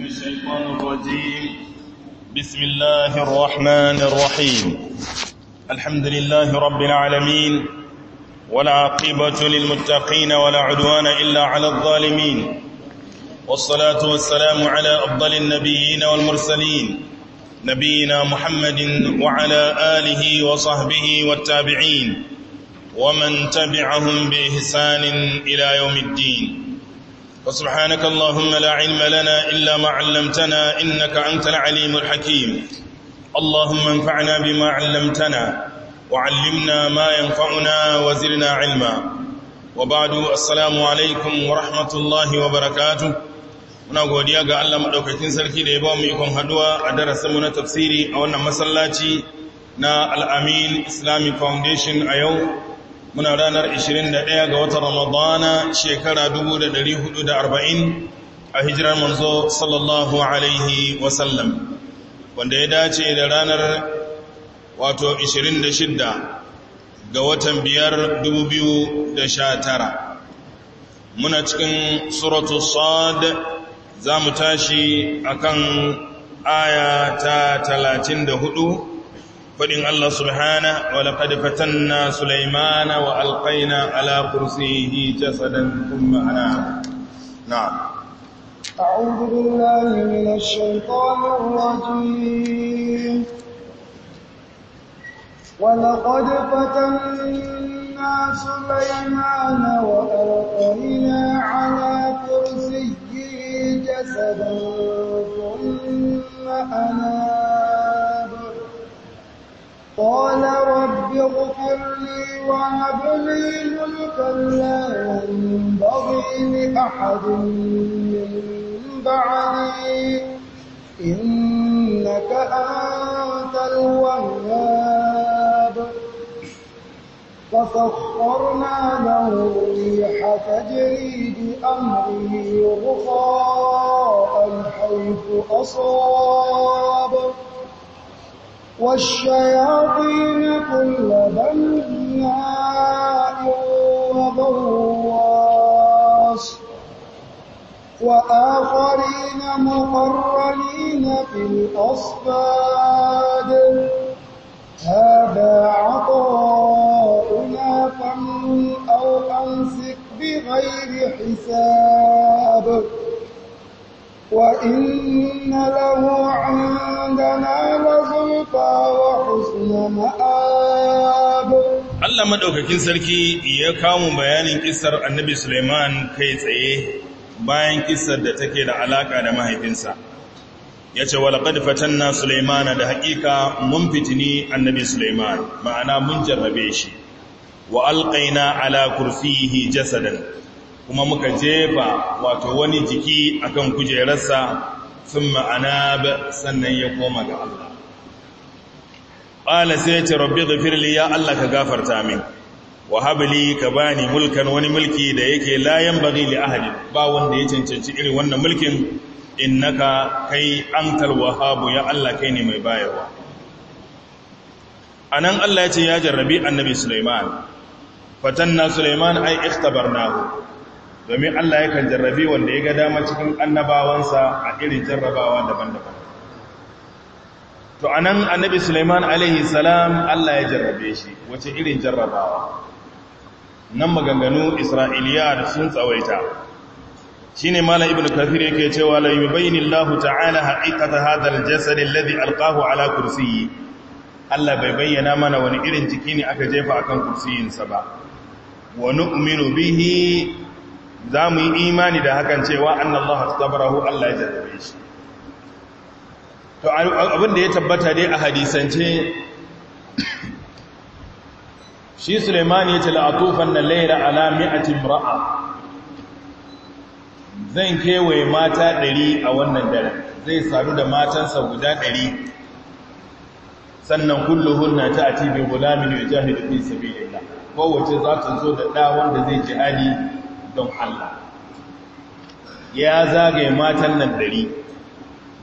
الشيطان الرجيم بسم الله الرحمن الرحيم الحمد لله رب العالمين ولا عقبة للمتقين ولا عدوان إلا على الظالمين والصلاة والسلام على أفضل النبيين والمرسلين نبينا محمد وعلى آله وصحبه والتابعين ومن تبعهم بإحسان إلى يوم الدين وسبحانك اللهم لا علم لنا إلا ما علمتنا إنك أنت العليم الحكيم اللهم انفعنا بما علمتنا وعلمنا ما ينفعنا وزرنا علما وبعد السلام عليكم ورحمة الله وبركاته muna godiya ga Allah madaukakin sarki da ya ba mu ikon haduwa a darasinmu na tafsiri a wannan masallaci na Al-Amin Islamic Foundation a yau muna ranar 21 ga watan ramadana shekara 1440 a hijirar manzo sallallahu alaihi wasallam wanda ya dace da ranar wato 26 ga watan 5,2019 muna cikin suratu sad za mu tashi akan aya ta 34 faɗin Allah subhana wa laqad fatanna Sulaimana wa alqaina ala kursiyyi jasadan kuma ana na أعوذ بالله من الشيطان الرجيم ولقد فتنا سليمان وألقينا على كرسيه جسدا ثم أناه قال رب اغفر لي وهب لي ملكا لا ينبغي لأحد من بعدي إنك أنت الوهاب فسخرنا له الريح تجري بأمره رخاء حيث أصاب والشياطين كل بناء وغواص وآخرين مقرنين في الأصفاد هذا عطاؤنا فمن أو أمسك بغير حساب وإن له عندنا لزلفى وحسن مآب Allah madaukakin sarki ya kawo bayanin kisar Annabi Suleiman kai tsaye bayan kisar da take da alaƙa da mahaifinsa Ya yace walaqad fatanna na da haƙiƙa mun fitini Annabi Suleiman, ma'ana mun jarrabe shi wa alƙaina ala kurfihi jasadan kuma muka jefa wato wani jiki akan kujerarsa sun ma'ana ba sannan ya koma ga Allah ƙala sai ce rabbi gafirli ya Allah ka gafarta min wa ka bani mulkan wani mulki da yake layan bari li ahadi ba wanda ya cancanci irin wannan mulkin innaka kai ankal wahabu ya Allah kai ne mai bayarwa A nan Allah ya ce ya jarrabi annabi Sulaiman na Sulaiman ai ikhtabarnahu domin Allah yakan jarrabe wanda ya ga dama cikin annabawansa a irin jarrabawa daban-daban to anan annabi Sulaiman alaihi salam Allah ya jarrabe shi wace irin jarrabawa nan maganganu Isra'iliya sun tsawaita shine malam ibnu kafir yake cewa la yubayyin Allah ta'ala haqiqata hadha al-jasad alladhi ala kursi. Allah bai bayyana mana wani irin jiki ne aka jefa akan kursiyin sa ba wa nu'minu bihi za mu yi imani da hakan cewa annallahu astabarahu Allah ya zarrabe shi to abin ya tabbata dai a hadisance shi suleimani ya ce la'atufan na laira alami a ra'a zan kewaye mata ɗari a wannan dare zai sadu da matansa guda ɗari sannan kulluhun na ta ati bi gulamin ya fi sabilillah kowace za ta zo da ɗa wanda zai jihadi don Allah ya zagaye matan nan dari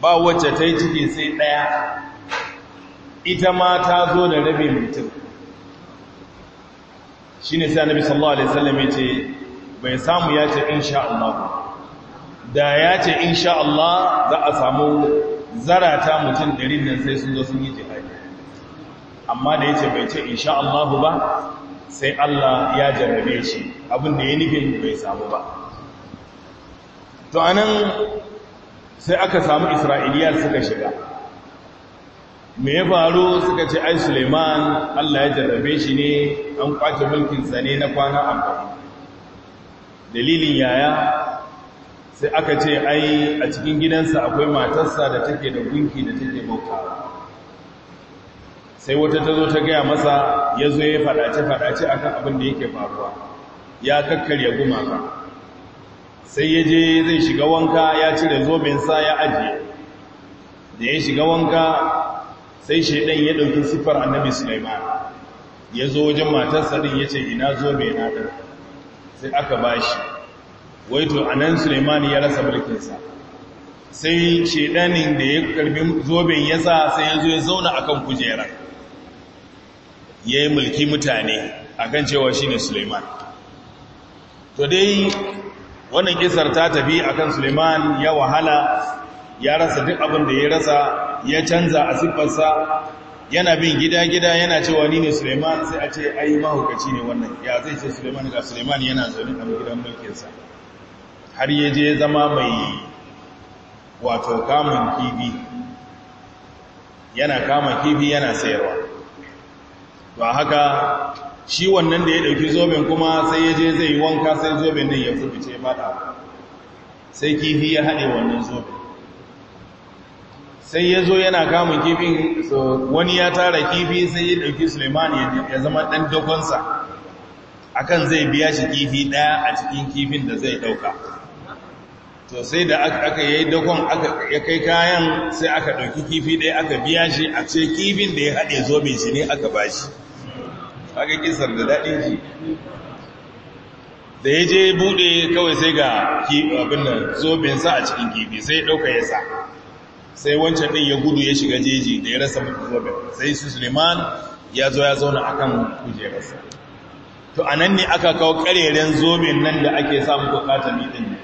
ba wacce ta yi ciki sai ɗaya ita ma ta zo da rabin mutum shi ne sai annabi sallallahu alaihi wasallam ya ce bai samu ya ce insha Allah da ya ce insha Allah za a samu zarata mutum ɗarin nan sai sun zo sun yi jihadi amma da ya ce bai ce insha Allah ba sai Allah ya jarrabe shi abinda ya nufin bai samu ba to anan sai aka samu isra'iliya suka shiga me ya faru suka ce ai suleiman Allah ya jarrabe shi ne an kwace mulkinsa ne na kwana amfani dalilin yaya sai aka ce ai a cikin gidansa akwai matarsa da take da gunki da take bauta sai wata ta zo ta gaya masa ya zo ya fadace faɗace a kan abin da yake faruwa ya kakkarya gumaka sai ya je zai shiga wanka ya cire sa ya ajiye da ya shiga wanka sai shaidan ya ɗauki siffar annabi sulaiman ya zo wajen matarsa ɗin ya ce ina zobe na ɗin sai aka ba shi waito a nan sulaiman ya rasa mulkinsa sai shaidanin da ya karbi zoben ya sa sai ya zo ya zauna akan kujerar ya yi mulki mutane a kan cewa shi ne suleiman to dai wannan kisar ta tafi a kan suleiman ya wahala ya rasa duk abin da ya rasa ya canza a siffarsa yana bin gida-gida yana cewa ni ne suleiman sai a ce ai mahaukaci ne wannan ya zai ce suleiman ga suleiman yana zaune a gidan mulkinsa har ya je zama mai wato kamun kifi yana kama kifi yana sayarwa ba haka shi wannan da ya ɗauki zoben kuma sai ya je zai yi wanka sai zoben nan ya fice fada sai kifi ya haɗe wannan zoben sai ya zo yana kamun kifin wani ya tara kifi sai ya dauki suleiman ya zama ɗan dokonsa akan zai biya shi kifi ɗaya a cikin kifin da zai ɗauka to sai da aka yi dakon ya kai kayan sai aka ɗauki kifi ɗaya aka biya shi a ce kifin da ya haɗe zobe shi ne aka bashi. kaga kisar da daɗin ji da ya je buɗe kawai sai ga abin nan zobinsa a cikin kifi sai ya ɗauka ya sa sai wancan ɗin ya gudu ya shiga jeji da ya rasa mutu zobin sai su suleiman ya zo ya zauna a akan kujerarsa to a nan ne aka kawo ƙareren zobin nan da ake samun kwakatar ɗin ne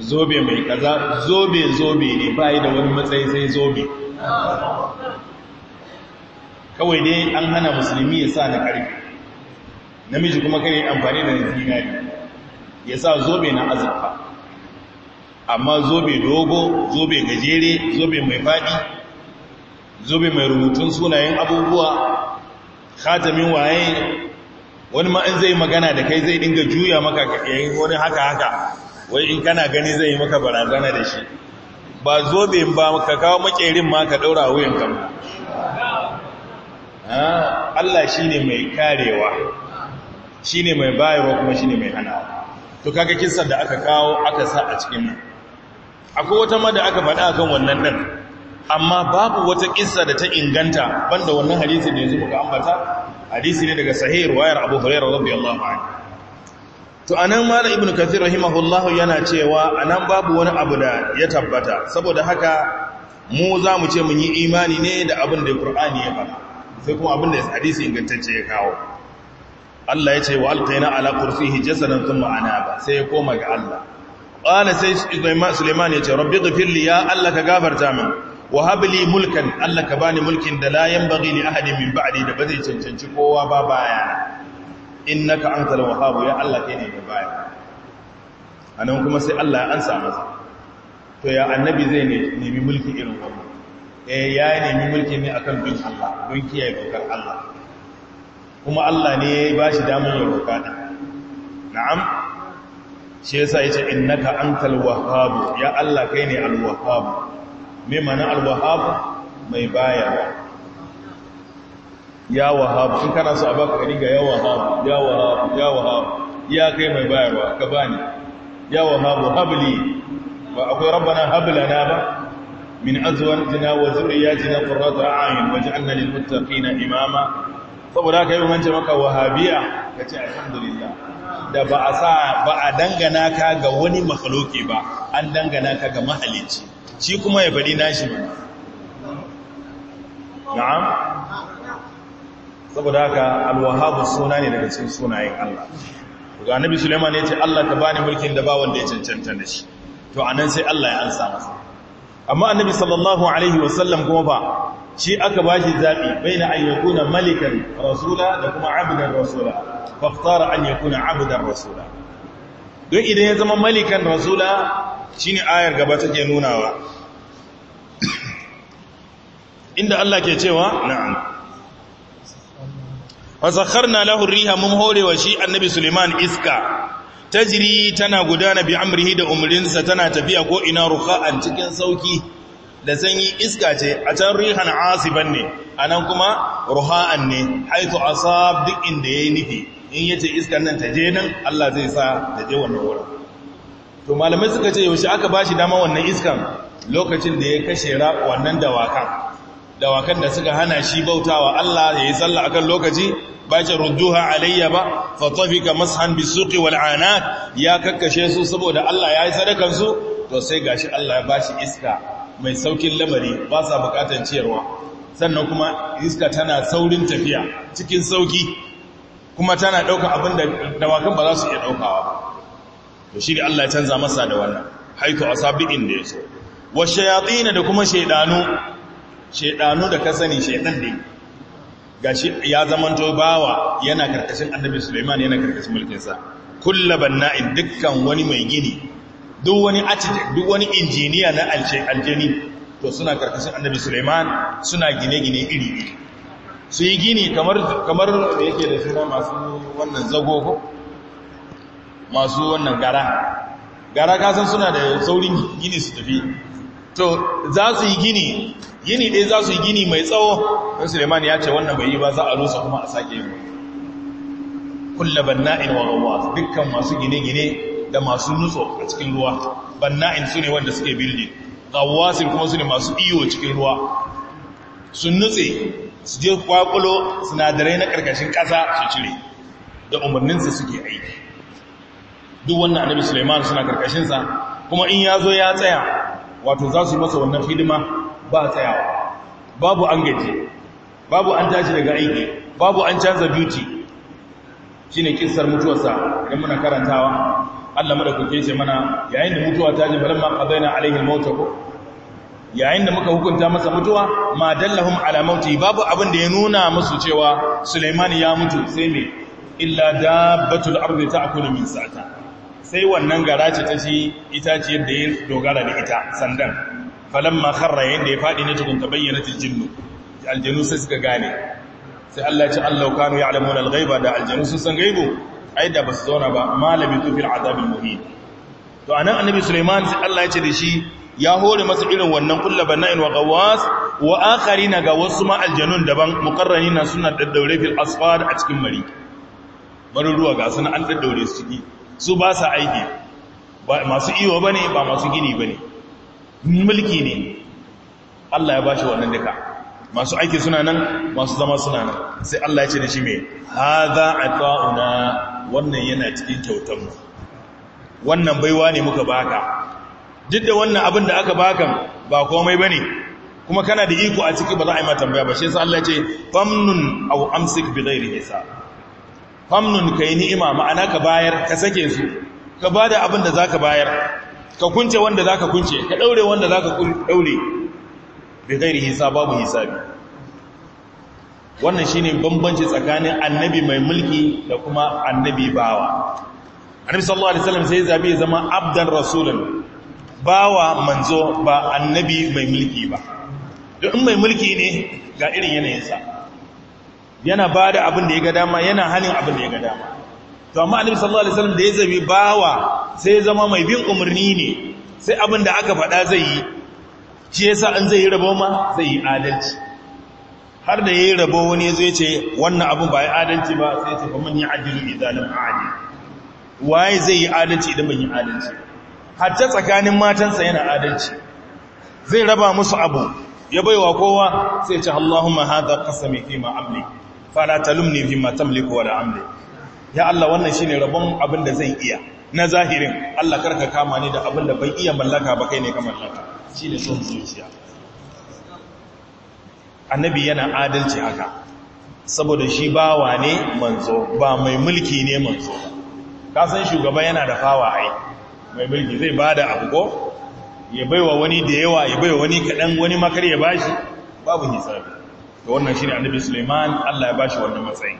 zobe mai kaza zobe zobe ne bayi da wani matsayi sai zobe kawai dai an hana musulmi ya sa na karfe namiji kuma kare amfani da zinari ya sa zobe na azurfa amma zobe dogo zobe gajere zobe mai faɗi zobe mai rubutun sunayen abubuwa khatamin waye wani ma'an zai magana da kai zai dinga juya maka yayin wani haka haka wai in kana gani zai yi maka barazana da shi ba zobe ba ka kawo makerin ma ka daura wuyan kan Allah shi ne mai karewa shi ne mai bayarwa kuma shi ne mai hanawa to kaga kisan da aka kawo aka sa a cikin nan akwai wata ma aka faɗa kan wannan nan amma babu wata kissa da ta inganta banda wannan hadisi da yanzu muka ambata hadisi ne daga sahih riwayar Abu Hurairah radiyallahu anhu to anan malam ibnu kathir rahimahullahu yana cewa anan babu wani abu da ya tabbata saboda haka mu za mu ce mun yi imani ne da abin da Qur'ani ya faɗa sai kuma abin da hadisi ingantacce ya kawo Allah ya ce wa alqaina ala kursihi jasadan thumma anaba sai ya koma ga Allah qala sai Sulaiman ya ce rabbi ighfir li ya Allah ka gafarta min wa hab li mulkan Allah ka bani mulkin da la yanbaghi li ahadin min ba'di da bazai cancanci kowa ba baya innaka antal wahhab ya Allah kai ne da baya anan kuma sai Allah ya ansa masa to ya annabi zai nemi mulki irin wannan eh ya nemi mulki ne akan bin Allah don kiyaye dokar Allah kuma Allah ne ya ba shi damar ya roka din na'am shi yasa yace innaka antal wahhab ya Allah kai ne alwahabu? wahhab me mana al wahhab mai baya ya wahabu. in kana su a baka gari ga ya wahabu, ya wahabu, ya wahhab ya kai mai bayarwa ka bani ya wahabu habli ba akwai rabbana hablana ba من أزواجنا وذرياتنا قرة أعين واجعلنا للمتقين إماما saboda yi yau mance maka wahabiya ka ce alhamdulillah da ba a sa ba a dangana ka ga wani makhluki ba an dangana ka ga mahalicci shi kuma ya faɗi nashi ba na'am saboda haka alwahabu suna ne daga sunayen Allah ga nabi suleiman ya ce Allah ta bani mulkin da ba wanda ya cancanta da shi to a nan sai Allah ya ansa masa amma annabi sallallahu alaihi wasallam kuma ba shi aka bashi zabi baina an yakuna malikan rasula da kuma abdan rasula faftara an yakuna abdan rasula don idan ya zama malikan rasula shi ne ayar gaba ta ke nunawa inda Allah ke cewa na'am fasakharna lahu riha mun horewa shi annabi sulaiman iska tajiri tana gudana bi amrihi da umrinsa tana tafiya ko ina ruka'an cikin sauki da sanyi iska ce a can rihan asiban ne anan kuma ruha'an ne haitu asab duk inda yayi nufi in yace iskan nan taje nan Allah zai sa je wannan wurin to malamai suka ce yaushe aka bashi dama wannan iskan lokacin da ya kashe ra wannan dawakan dawakan da suka hana shi bautawa Allah ya yi sallah akan lokaci bace rudduha alayya ba fa tafika mashan bisuqi wal anat ya kakkashe su saboda Allah ya yi sadakan su to sai gashi Allah ya bashi iska mai saukin lamari ba sa bukatan ciyarwa sannan kuma iska tana saurin tafiya cikin sauki kuma tana dauka abin da dawakan ba za su iya daukawa to shi Allah ya canza masa da wannan haitu asabi'in da yaso wa shayatin da kuma shaydanu shedanu da ka sani shedan ne shi ya zamanto bawa yana karkashin annabi Sulaiman yana karkashin mulkinsa. sa kullaban na'in dukkan wani mai gini duk wani architect duk wani injiniya na aljani to suna karkashin annabi Sulaiman suna gine-gine iri su yi gini kamar kamar da yake da suna masu wannan zago ko masu wannan gara gara kasan suna da saurin gini su tafi to za su yi gini gini ɗaya za su yi gini mai tsawo ɗan suleiman ya ce wannan bai yi ba za a rusa kuma a sake yi kulla banna'in wa gawa dukkan masu gine-gine da masu nutso a cikin ruwa banna'in su ne wanda suke birni gawasin kuma su ne masu iyo cikin ruwa sun nutse su je kwakulo sinadarai na ƙarƙashin ƙasa su cire da umarninsa suke aiki duk wannan annabi suleiman suna ƙarƙashinsa kuma in ya zo ya tsaya wato za su yi masa wannan hidima ba tsayawa babu an gaji babu an tashi daga aiki babu an canza duty ne kissar mutuwarsa idan muna karantawa Allah madaukake ce mana yayin da mutuwa ta ji falamma a alaihi alaihin mota ko yayin da muka hukunta masa mutuwa ma dallahum ala mauti babu abin da ya nuna musu cewa Suleimani ya mutu sai me illa da dabbatul ta ta'kulu min sata. sai wannan gara ce ta ci itaciyar da ya dogara da ita sandan falamma kharra yanda ya fadi ne tukun tabayyanatul jinnu aljanu sai suka gane sai Allah ya ce Allah kanu ya'lamuna al-ghaiba da aljanu sun san gaibu ai da basu zauna ba malami tu fil azabil muhin to anan annabi Sulaiman sai Allah ya ce da shi ya hore masa irin wannan kullabana'in wa qawas wa akharina ga wasu ma aljanun daban muqarranina suna daddaure fil asfar a cikin mari barin ga suna an daddaure su ciki su ba sa aiki masu iyo ba ne ba masu gini ba ne mulki ne Allah ya bashi wannan duka masu aiki suna nan masu zama suna nan sai Allah ya ce da shi mai haza ata'una wannan yana cikin kyautar mu wannan baiwa ne muka baka duk da wannan abin da aka baka ba komai bane kuma kana da iko a ciki ba za a yi ma tambaya ba sai Allah ya ce famnun aw amsik bi ghairi isa famnun kai ni'ima ma'ana ka bayar ka sake su ka bada abin da zaka bayar ka kunce wanda za ka kunce ka ɗaure wanda za ka ɗaure da hisa babu hisabi wannan shi ne bambanci tsakanin annabi mai mulki da kuma annabi bawa annabi sallallahu alaihi wasallam sai zabi ya zama abdan rasulun bawa manzo ba annabi mai mulki ba in mai mulki ne ga irin yanayinsa yana ba da abin da ya ga dama yana hannun abin da ya ga dama to amma annabi sallallahu alaihi wasallam da ya zabi bawa sai ya zama mai bin umarni ne sai abin da aka faɗa zai yi shi yasa an zai yi rabo ma zai yi adalci har da yayi rabo wani ya zo ya ce wannan abin ba ya adalci ba sai ya ce fa man ya'dilu idza lam a'dil waye zai yi adalci idan ban yi adalci ta tsakanin matansa yana adalci zai raba musu abu ya baiwa kowa sai ya ce Allahumma hadha qasami fi ma amli fala talumni fi ma tamliku wa la amli ya Allah wannan shi ne rabon abin da zai iya na zahirin Allah karka kama ni da abin da bai iya mallaka ba kai ne ka mallaka ne son zuciya annabi yana adalci haka saboda shi bawa ne manzo ba mai mulki ne manzo ka san shugaba yana da fawa ai mai mulki zai bada abu ko ya baiwa wani da yawa ya baiwa wani kadan wani makar ya bashi babu hisabi to wannan shi ne annabi Suleiman Allah ya bashi wannan matsayi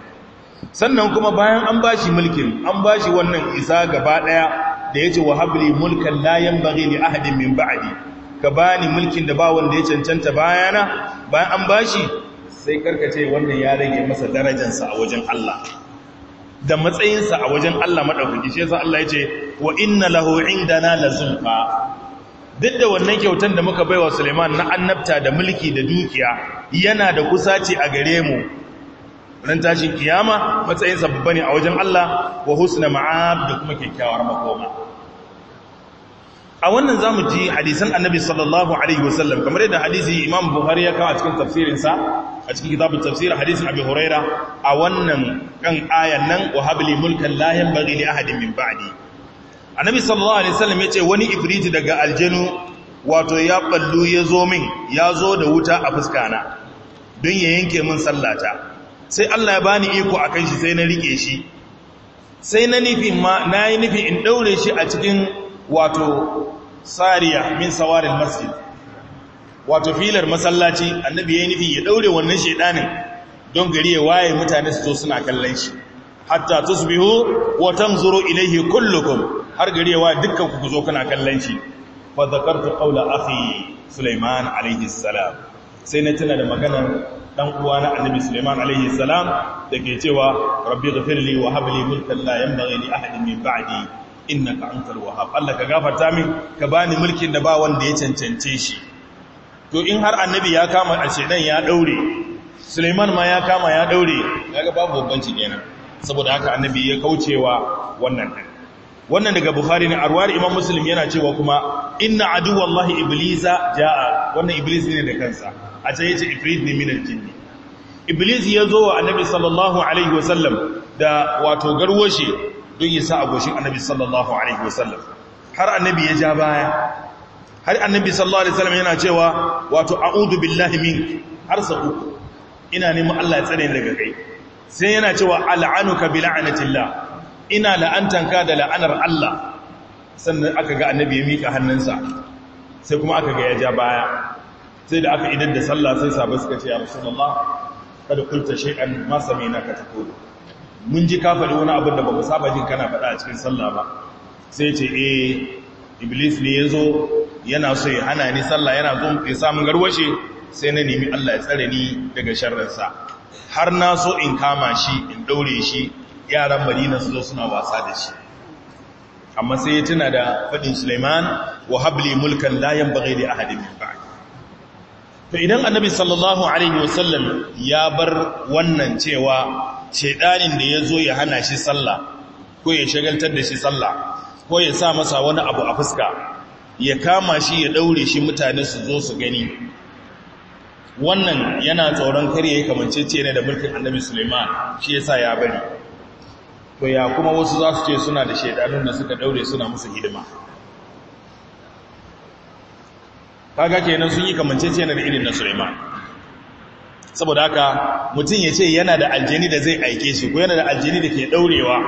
sannan kuma bayan an bashi mulkin an bashi wannan isa gaba daya da yace wa habli mulkan layan bari ne ahadin min ba'adi ka bani mulkin da ba wanda ya cancanta bayana bayan an bashi sai karkace wannan ya rage masa darajarsa a wajen Allah da matsayinsa a wajen Allah madaukaki shi yasa Allah yace wa inna lahu indana lazunfa duk da wannan kyautar da muka baiwa Suleiman na annabta da mulki da dukiya yana da kusaci a gare mu ran tashin kiyama matsayin babba ne a wajen Allah wa husna ma'ab da kuma kyakkyawar makoma a wannan zamu ji hadisan annabi sallallahu alaihi wasallam kamar yadda hadisi imam buhari ya kawo a cikin tafsirinsa a cikin kitabun tafsir hadisin abi huraira a wannan kan ayan nan wa habli mulkan la yanbaghi li ahadin min ba'di annabi sallallahu alaihi wasallam yace wani ifriti daga aljanu wato ya ballu ya zo min ya zo da wuta a fuskana don ya yanke min sallata sai Allah ya bani iko kan shi sai na rike shi sai na nufin ma na yi nufin in ɗaure shi a cikin wato sariya min sawarin masjid wato filar masallaci annabi ya yi nufin ya daure wannan shaidanin don gari ya waye mutane su zo suna kallon shi hatta tusbihu wa tanzuru ilayhi kullukum har gari ya waye dukkan ku zo kuna kallon shi fa zakartu qawla akhi sulaiman alayhi salam sai na tuna da maganar dan uwa na annabi Sulaiman alaihi salam dake cewa rabbi ghfirli wa hab li mulkan la yanbaghi li ahadin min ba'di innaka antal wahhab Allah ka gafarta min ka bani mulkin da ba wanda ya cancance shi to in har annabi ya kama a shedan ya daure Sulaiman ma ya kama ya daure kaga babu babbanci kenan saboda haka annabi ya kaucewa wannan wannan daga bukhari ne arwari imam muslim yana cewa kuma inna aduwallahi iblisa jaa wannan iblis ne da kansa a can yace ifrit ne minan aljinn iblis ya zo wa annabi sallallahu alaihi wasallam da wato garwashi don yasa a goshin annabi sallallahu alaihi wasallam har annabi ya ja baya har annabi sallallahu alaihi wasallam yana cewa wato a'udhu billahi mink har sa uku ina neman Allah ya tsare ni daga kai sai yana cewa al'anuka bil'anatillah ina la'antanka da la'anar Allah sannan aka ga annabi ya miƙa hannunsa sai kuma aka ga ya ja baya sai da aka idan da sallah sai sabu suka ce ya rasulullah kada kulta shay'an ma samina ka tako mun ji ka faɗi wani abin da ba mu saba jin kana faɗa a cikin sallah ba sai ce eh iblis ne yazo yana so ya hana ni sallah yana zo ya samu garwashe sai na nemi Allah ya tsare ni daga sharrinsa har na so in kama shi in ɗaure shi yaran madina su zo suna wasa da shi amma sai ya tuna da faɗin suleiman wa habli mulkan layan bagai da ahadin ba to idan annabi sallallahu alaihi wasallam ya bar wannan cewa shaidanin da ya zo ya hana shi sallah ko ya shagaltar da shi sallah ko ya sa masa wani abu a fuska ya kama shi ya ɗaure shi mutane su zo su gani wannan yana tsoron kare ya kamancece ne da mulkin annabi suleiman shi ya sa ya bari to ya kuma wasu za su ce suna da shaidanun da suka daure suna musu hidima kaga kenan sun yi kamancece na da irin na Suleiman saboda haka mutum ya ce yana da aljani da zai aike shi ko yana da aljani da ke daurewa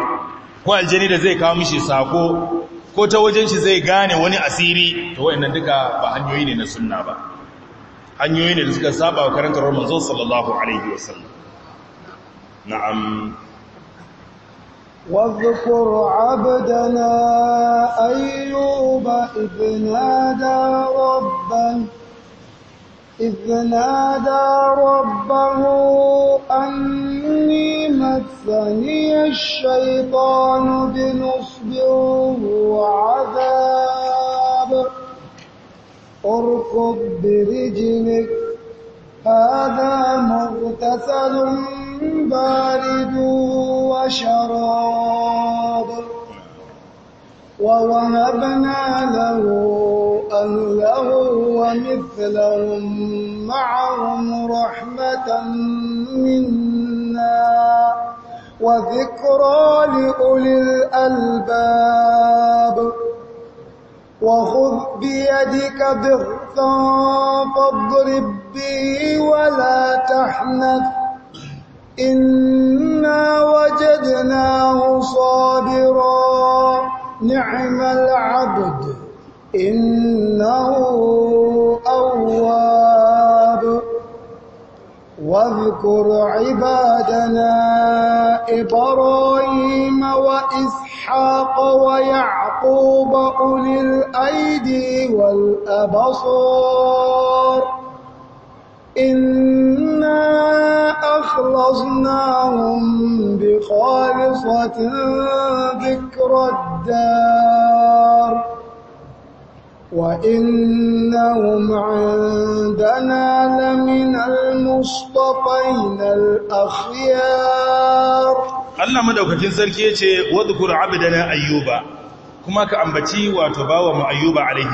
ko aljani da zai kawo mishi sako ko ta wajen shi zai gane wani asiri to wayannan duka ba hanyoyi ne na sunna ba hanyoyi ne da suka saba wa karantar manzo sallallahu alaihi wasallam na'am واذكر عبدنا أيوب إذ نادى ربه إذ نادى ربه أني مسني الشيطان بنصب وعذاب اركض برجلك هذا مغتسل بارد وشراب ووهبنا له أهله ومثلهم معهم رحمة منا وذكرى لأولي الألباب وخذ بيدك ضغثا فاضرب به ولا تحنث إنا وجدناه صابرا نعم العبد إنه أواب واذكر عبادنا إبراهيم وإسحاق ويعقوب أولي الأيدي والأبصار إنا أخلصناهم بخالصة ذكر الدار وإنهم عندنا لمن المصطفين الأخيار Allah madaukakin sarki yace wadhkur abdana ayyuba kuma ka ambaci wato bawa mu ayyuba alaihi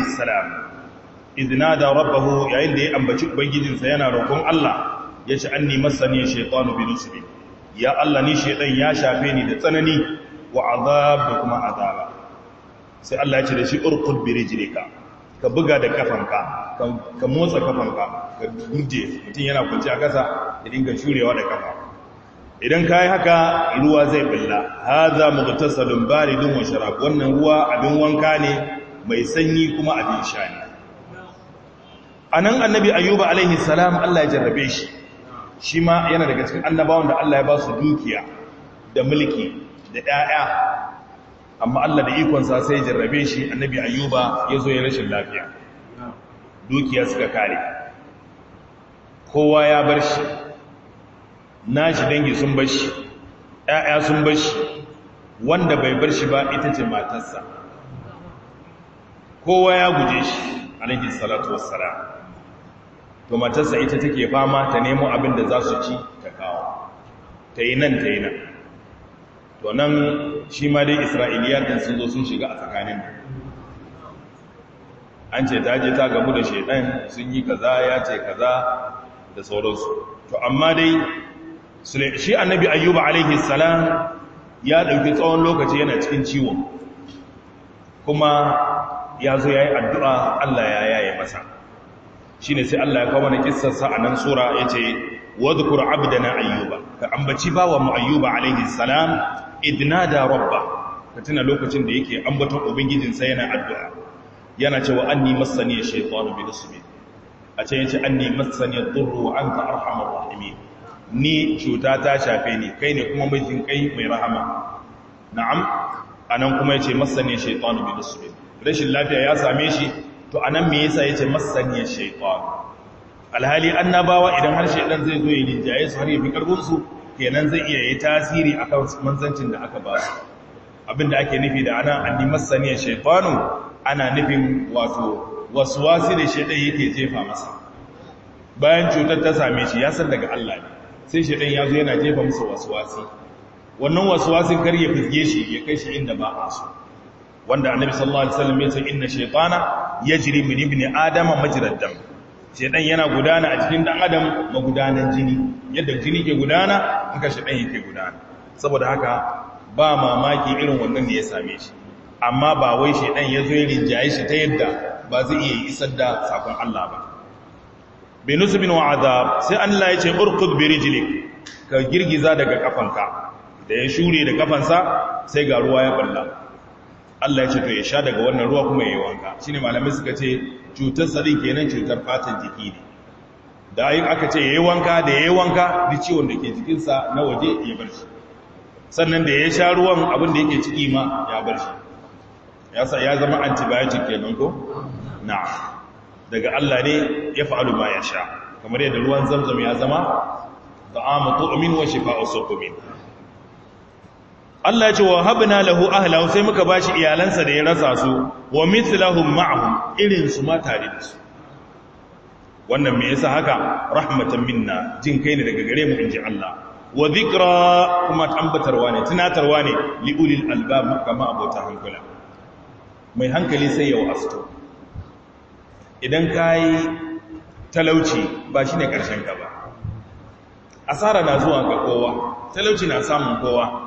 idina da rabbahu yayin da ya ambaci ubangijinsa yana roƙon Allah ya ci an anni masani shaytanu bi nusbi ya Allah ni shaytan ya shafe ni da tsanani wa azab da kuma azaba sai Allah ya ce da shi urkud bi rijlika ka buga da kafanka ka motsa kafanka ka gurje mutum yana kwanci a kasa ya dinga shurewa da kafa idan ka yi haka ruwa zai billa haza mugtasalun baridun wa sharab wannan ruwa abin wanka ne mai sanyi kuma abin sha ne a nan annabi ayuba alaihi salam allah ya jarrabe shi shi ma yana daga cikin annabawan da allah ya ba su dukiya da mulki da ɗaya amma allah da ikonsa sai ya jarrabe shi annabi ayuba ya zo ya rashin lafiya dukiya suka kare kowa ya bar shi na shi dangi sun bar shi ‘ya'ya sun bar shi wanda bai bar shi ba ita ce matarsa kowa ya guje shi alaihi salatu wassalam to matarsa ita take fama ta nemo abin da za su ci ta kawo ta yi nan ta yi nan to nan shi ma dai isra'iliyar din sun zo sun shiga a tsakanin an ce ta je ta gabu da shaidan sun yi kaza ya ce kaza da sauransu to amma dai shi annabi ayyuba alaihi salam ya ɗauki tsawon lokaci yana cikin ciwon kuma ya zo ya yi addu'a Allah ya yaye masa Shi ne sai Allah ya kawo wani kissar a nan sura ya yace wadhkur abdana ayyuba ka ambaci bawa mu ayyuba alaihi salam da rabba ka tuna lokacin da yake ambaton ubangijin sa yana addu'a yana cewa anni massani shaytanu bi ismi a can yace anni massani ad-durru wa anta arhamar rahimin ni cuta ta shafe ni kai ne kuma mai kai mai rahama na'am A nan kuma yace massani shaytanu bi ismi rashin lafiya ya same shi to anan me yasa yace masaniya shaytan alhali annabawa idan har shaytan zai zo ya linjaye su har ya bi karfin su kenan zai iya yi tasiri akan manzancin da aka ba su abinda ake nufi da ana anni masaniya shaytanu ana nufin wato waswasi da shaytan yake jefa masa bayan cutar ta same shi ya san daga Allah ne sai shaytan ya zo yana jefa masa waswasi wannan waswasin kar ya fizge shi ya kai shi inda ba a so wanda annabi sallallahu alaihi wasallam ya ce inna shaytana yajri min ibni adama majrad dam shedan yana gudana a cikin dan adam magudanan jini yadda jini ke gudana haka shedan yake gudana saboda haka ba mamaki irin wannan da ya same shi amma ba wai shedan ya zo ya rinjaye shi ta yadda ba zai iya isar da sakon Allah ba bi nusbin wa sai Allah ya ce urqud bi rijlik ka girgiza daga kafanka da ya shure da kafansa sai ga ruwa ya balla Allah ya ce to ya sha daga wannan ruwa kuma ya yi wanka shine malamai suka ce cutar ke kenan cutar fatan jiki ne da ayin aka ce yayi wanka da ya wanka da ciwon da ke jikinsa na waje ya bar shi sannan da ya sha ruwan abin da yake ciki ma ya bar shi ya sa ya zama antibiotic kenan ko na daga Allah ne ya fa'alu ma ya sha kamar yadda ruwan zamzam ya zama ta'amu tu'min wa shifa'u sukumin Allah ya ce wa habna lahu ahlahu sai muka bashi iyalansa da ya rasa su wa mithlahum ma'hum irin su ma tare da su wannan me yasa haka rahmatan minna jin kai ne daga gare mu inji Allah wa dhikra kuma tambatarwa ne tunatarwa ne li ulil albab kama abota hankula mai hankali sai ya wasto idan kai talauci ba shine karshen ka ba asara na zuwa ga kowa talauci na samun kowa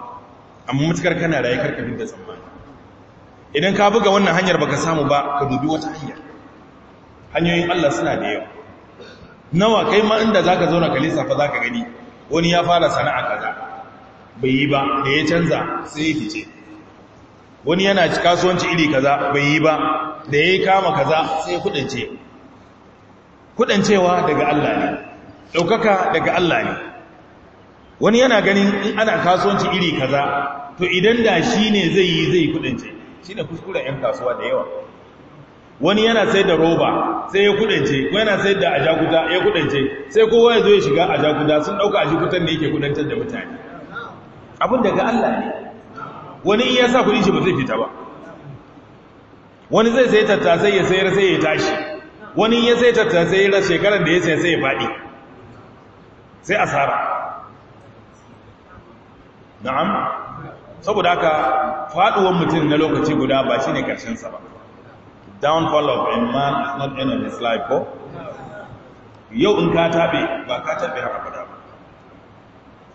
amma mutukar kana raye karka bin da tsammani idan ka buga wannan hanyar baka samu ba ka dubi wata hanya hanyoyin Allah suna da yawa nawa kai ma inda zaka zauna kalisa fa zaka gani wani ya fara sana'a kaza bai yi ba da ya canza sai ya fice wani yana kasuwanci iri kaza bai yi ba da ya kama kaza sai ya kudance kudancewa daga Allah ne daukaka daga Allah ne wani yana ganin in ana kasuwanci iri kaza to idan da shi ne zai yi zai kudance shi ne kuskura 'yan kasuwa da yawa wani yana sai da roba sai ya kudance ko yana sai da ajakuta ya kudance sai kowa ya zo ya shiga ajakuta sun dauka ajakutan da yake kudantar da mutane abin daga Allah ne wani in sa kudin shi ba zai fita ba wani zai sai tattasai ya sayar sai ya tashi wani ya sai tattasai ya shekarar da ya sai sai ya faɗi sai asara na'am saboda haka faduwan mutum na lokaci guda ba shi ne ƙarshensa ba downfall of a man is not end of his life ko yau in ka taɓe ba ka tabe har abada ba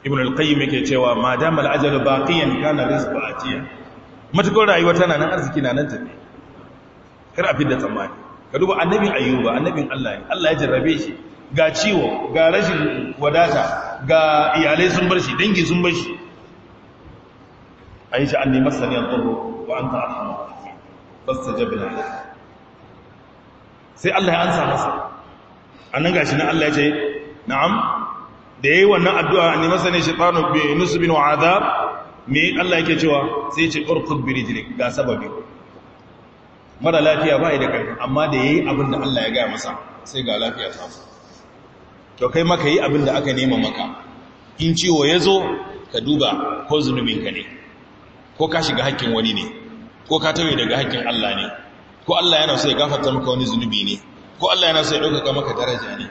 ibn al-qayyim yake cewa ma dama al ajal baqiyan kana rizqu atiya matukar rayuwa tana nan arziki na nan tafi kar a da tsammani ka duba annabin ayyuba annabin Allah ne Allah ya jarrabe shi ga ciwo ga rashin wadata ga iyalai sun bar shi dangi sun bar shi ai ji anni masani an tsoro wa anta ta arhamu basta jabina sai Allah ya ansa masa annan gashi nan Allah ya ce na'am da yayi wannan addu'a anni masani shaytanu bi nusbin wa adab me Allah yake cewa sai ya ce urqub bi rijlik ga sababi mara lafiya ba da kai, amma da yayi abin da Allah ya ga masa sai ga lafiya ta to kai maka yi abin da aka nema maka in ciwo ya zo ka duba ko zunubinka ne ko ka shiga hakkin wani ne ko ka tawaye daga hakkin Allah ne ko Allah yana so ya gafarta maka wani zunubi ne ko Allah yana so ya ɗaukaka maka daraja ne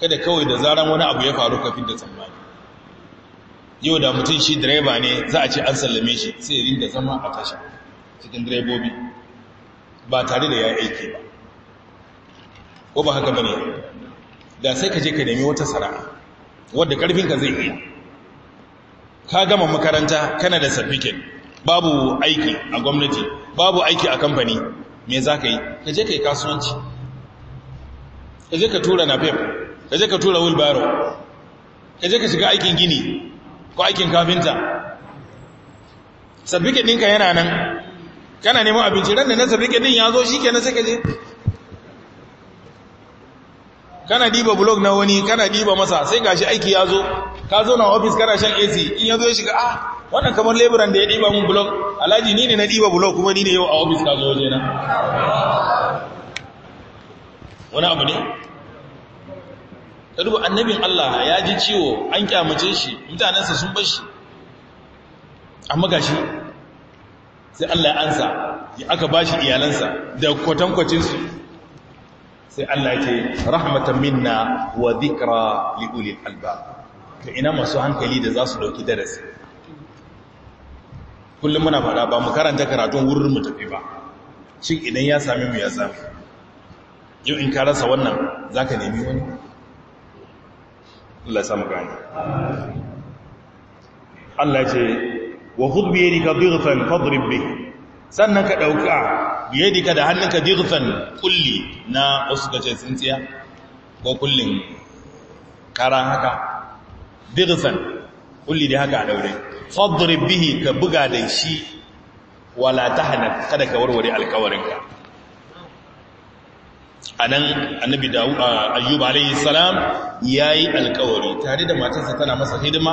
kada kawai da zaran wani abu ya faru ka da tsammani yau da mutum shi direba ne za a ce an sallame shi sai ya rinda zama a tasha cikin direbobi ba tare da ya aiki ba ko ba haka bane da sai ka je ka nemi wata sana'a wadda karfinka zai iya ka gama makaranta kana da certificate babu aiki a gwamnati babu aiki a kamfani me za ka yi ka je ka yi kasuwanci ka je ka tura napep ka je ka tura wheelbarrow ka je ka shiga aikin gini ko aikin kafinta certificate ɗinka yana nan kana neman abinci ran da na certificate ɗin ya zo shi kenan sai ka je kana diba blog na wani kana diba masa sai gashi aiki ya zo ka zo na ofis kana shan AC in ya zo ya shiga ah wannan kamar laboran da ya diba mun blog alhaji ni ne na diba blog kuma ni ne yau a ofis ka zo waje na wani abu ne duba annabin Allah ya ji ciwo an kyamace shi mutanensa sun bar shi amma gashi sai Allah ya ansa ya aka bashi iyalansa da kwatankwacinsu sai Allah ya ce rahmatan minna wa dhikra li ulil albab to ina masu hankali da za su dauki darasi kullum muna fara ba mu karanta karatun wurin mu tafi ba shin idan ya same mu ya same yau in ka rasa wannan zaka nemi wani Allah ya samu gani Allah ya ce wa khudh bi yadika dhighfan fadrib bihi sannan ka dauka ka da hannunka dirfan kulli na wasu kace tsintsiya ko kullin kara haka dirfan kulli da haka a daure fadrib bihi ka buga da shi wala tahna kada ka warware alkawarinka anan annabi da ayyub alayhi salam yayi alkawari tare da matarsa tana masa hidima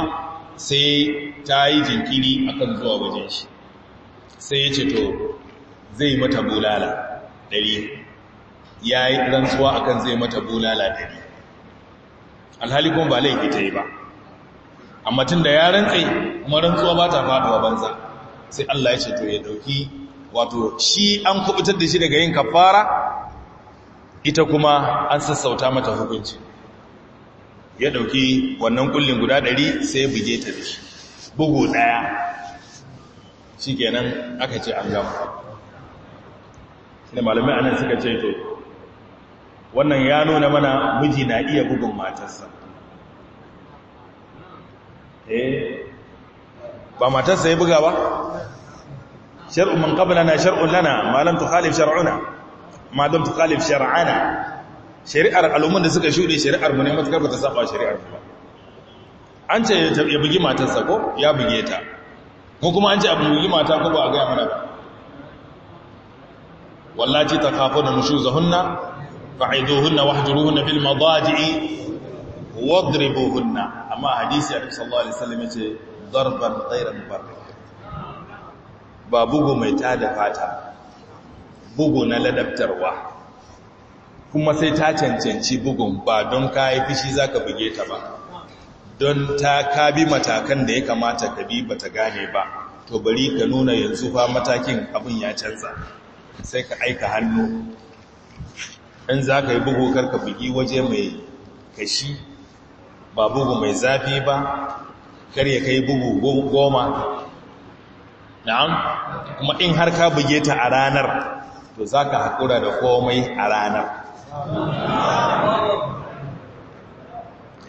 sai ta yi jinkiri akan zuwa wajen shi sai ya ce to zai mata bulala ɗari ya yi rantsuwa akan zai mata bulala ɗari alhali kuma ba laifi ta yi ba amma tun da ya rantsai kuma rantsuwa ba ta faɗuwa banza sai Allah ya ce to ya ɗauki wato shi an kubutar da shi daga yin kafara ita kuma an sassauta mata hukunci ya ɗauki wannan kullin guda ɗari sai buge ta da shi bugu ɗaya shi kenan aka ce an gama ne malamai anan suka ce to wannan ya nuna mana miji na iya bugun matarsa eh ba matarsa ya buga ba shar'un man qablana shar'un lana ma lam tukhalif shar'una ma lam tukhalif shar'ana shari'ar al'umman da suka shude shari'ar mu ne matakar ba ta saba shari'ar ba an ce ya bugi matarsa ko ya buge ta ko kuma an ce abu bugi mata ko ba a ga mana ba wallaci ta kafa na mushu filma ba wahjuruhunna bil madaji'i hunna amma hadisi annabi sallallahu alaihi wasallam ce darban ghayra mubarrak ba bugu mai tada fata bugu na ladabtarwa kuma sai ta cancanci bugun ba don kayi fishi ka buge ta ba don ta ka bi matakan da ya kamata ka bi ba ta gane ba to bari ka nuna yanzu fa matakin abin ya canza sai ka aika hannu in za ka yi bugu karka bugi waje mai kashi ba bugu mai zafi ba kar ya kai bugu goma na'am kuma in har ka buge ta a ranar to za ka haƙura da komai a ranar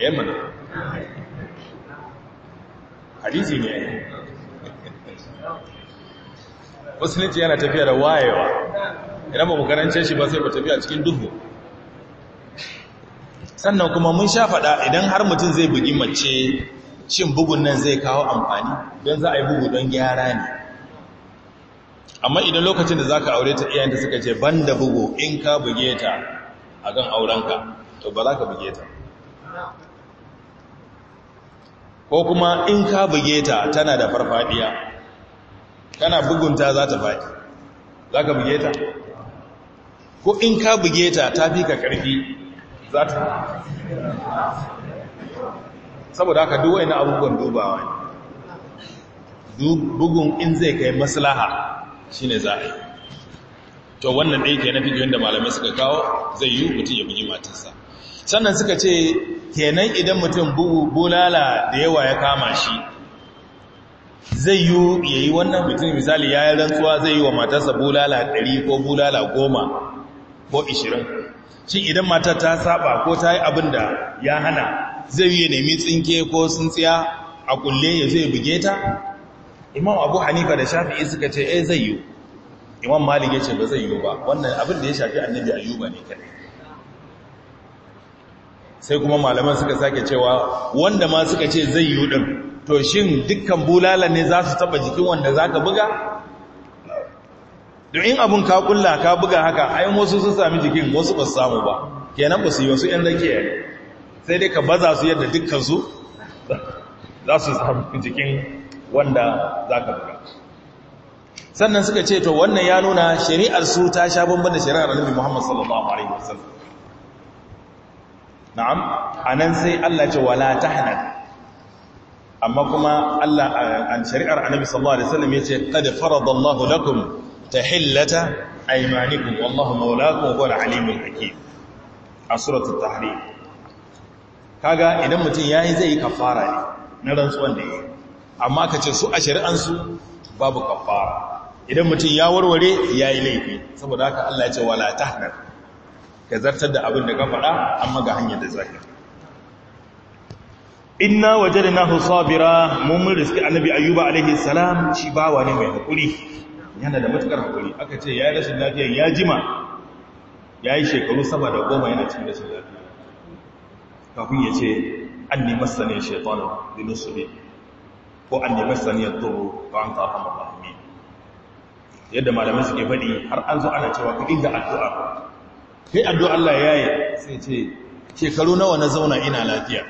yamma eh hadisi ne musulunci yana tafiya da wayewa idan ba mu karance shi ba sai mu tafiya cikin duhu sannan kuma mun sha faɗa idan har mutum zai bugi mace cin bugun nan zai kawo amfani don za a yi bugu don gyara ne amma idan lokacin da za ka aure ta iyayenta suka ce ban da bugu in ka buge ta a kan aurenka to ba za ka buge ta ko kuma in ka buge ta tana da farfadiya kana bugunta za ta faɗi za ka buge ta ko in ka buge ta ta fi ka ƙarfi za ta saboda haka duwai na abubuwan dubawa ne bugun in zai kai maslaha shi ne za a yi to wannan ɗai ke na fijiyon da malamai suka kawo zai yi mutum ya buge matarsa sannan suka ce kenan idan mutum bulala da yawa ya kama shi zai yi ya yi wannan mutum misali ya yi rantsuwa zai yi wa matarsa bulala ɗari ko bulala goma ko ishirin cin idan matar ta saba ko ta yi abin da ya hana zai yi nemi tsinke ko tsintsiya a kulle ya zai buge ta imam abu hanifa da shafi'i suka ce eh zai yi imam malik ya ce ba zai yi ba wannan abin da ya shafi annabi ba ne kadai sai kuma malaman suka sake cewa wanda ma suka ce zai yi din to shin dukkan bulala ne za su taba jikin wanda za ka buga don in abin ka kulla ka buga haka ayin wasu sun sami jikin wasu ba samu ba kenan ba su yi wasu yan rake sai dai ka baza su yadda dukkansu za su sami jikin wanda za ka buga sannan suka ce to wannan ya nuna shari'ar su ta sha bambam da shari'ar annabi Muhammad sallallahu alaihi wasallam na'am anan sai Allah ce wala tahnad amma kuma Allah a shari'ar annabi sallallahu alaihi wasallam yace qad faradallahu lakum tahillata aymanikum wallahu mawlaakum wa alimul hakim a suratul tahrim kaga idan mutum yayi zai kafara ne na rantsuwan da yake amma ka ce su a shari'an su babu kafara idan mutum ya warware yayi laifi saboda haka Allah ya ce wala tahnar ka zartar da abin da ka faɗa amma ga hanyar da zaka inna wajadnahu sabira mun mun riski annabi ayyuba alaihi salam shi bawa ne mai hakuri yana da matukar hakuri aka ce yi rashin lafiya ya jima ya yi shekaru sama da goma yana cikin rashin lafiya kafin ya ce anni masani shaytanu bi nusbi ko anni masani yadurru wa anta arhamur mai yadda malamai suke faɗi har an zo ana cewa ka dinga addu'a kai addu'a Allah ya yi sai ce shekaru nawa na zauna ina lafiya